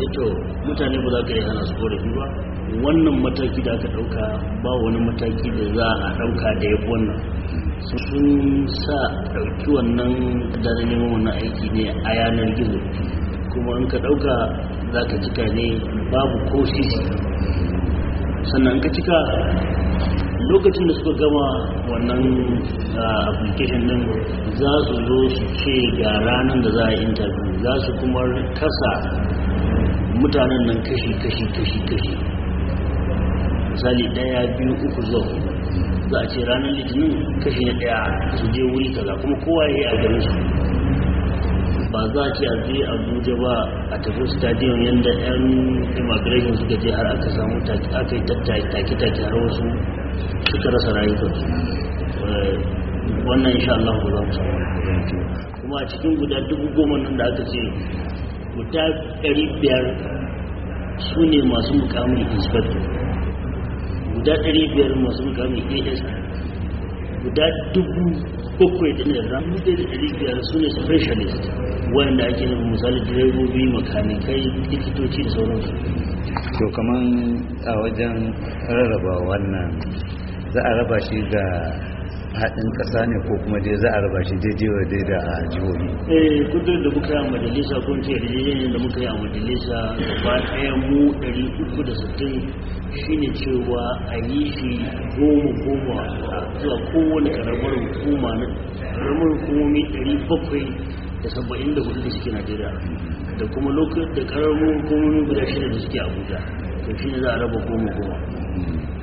Eh to mutane ba za ka yi hana su korafi ba wannan mataki da aka ɗauka ba wani mataki da za a ɗauka da ya wannan sun sa ɗauki wannan dare neman wannan aiki ne a yanar gizo kuma in ka dauka za ka cika ne babu ko sisi sannan ka cika lokacin da suka gama wannan application din za su zo su ce ga ranar da za a interview za su kuma kasa mutanen nan kashi kashi kashi kashi misali daya biyu uku zuwa za a ce ranar litinin kashi na daya su je wuri kaza kuma kowa ya yi a garin su ba za a ce a a abuja ba a tafi stadium yadda yan immigration suka je har aka samu aka yi take-take har wasu suka rasa rayukansu eh, wannan insha Allah ba za mu samu kuma a cikin guda dubu goma nan da aka ce guda ɗari biyar su ne masu mukamin inspector guda ɗari biyar masu mukamin as guda dubu kokwai da ɗari ramu da ɗari biyar su ne specialist wanda ake nufin misali direbobi makanikai likitoci da sauransu to kaman a wajen rarraba wannan za a raba shi ga haɗin ƙasa ne ko kuma dai za a raba shi daidai wa daida a jihohi eh kudin da muka yi a majalisa ko ce da muka yi a majalisa ba ɗaya mu 360 shine cewa a yi shi goma goma zuwa kowane karamar hukuma na karamar hukumomi 700 da saba'in da hudu da suke najeriya da kuma lokacin da karamar hukumomi guda shida da suke abuja to shine za a raba goma goma